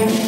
Thank you.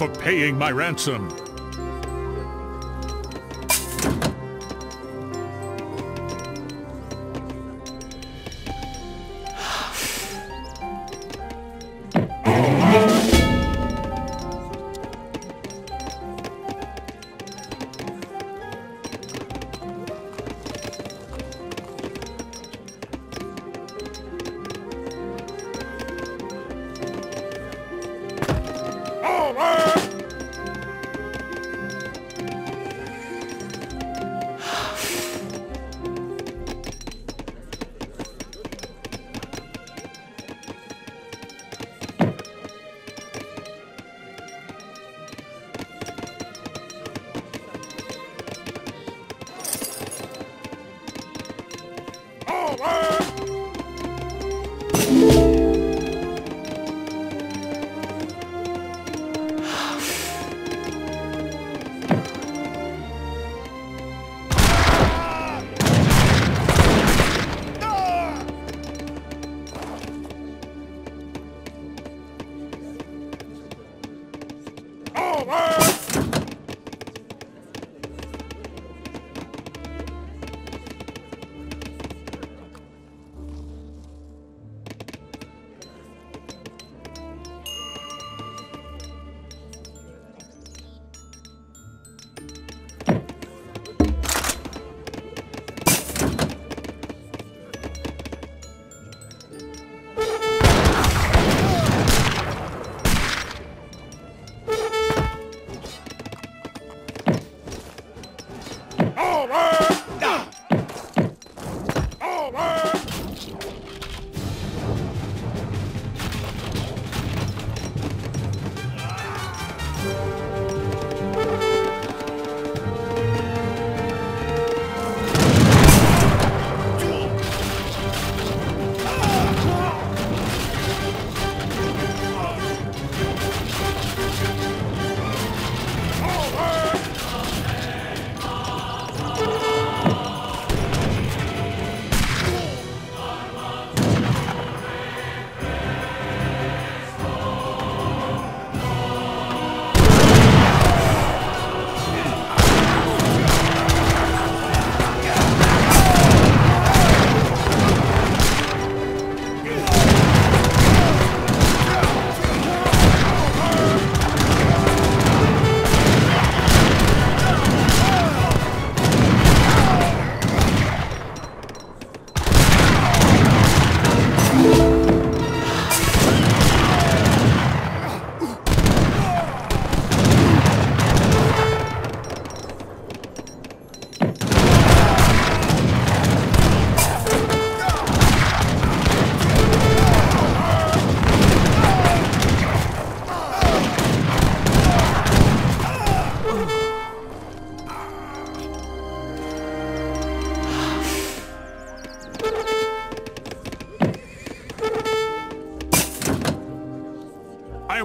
for paying my ransom. Forward!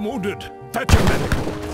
wounded. Fetch a medic.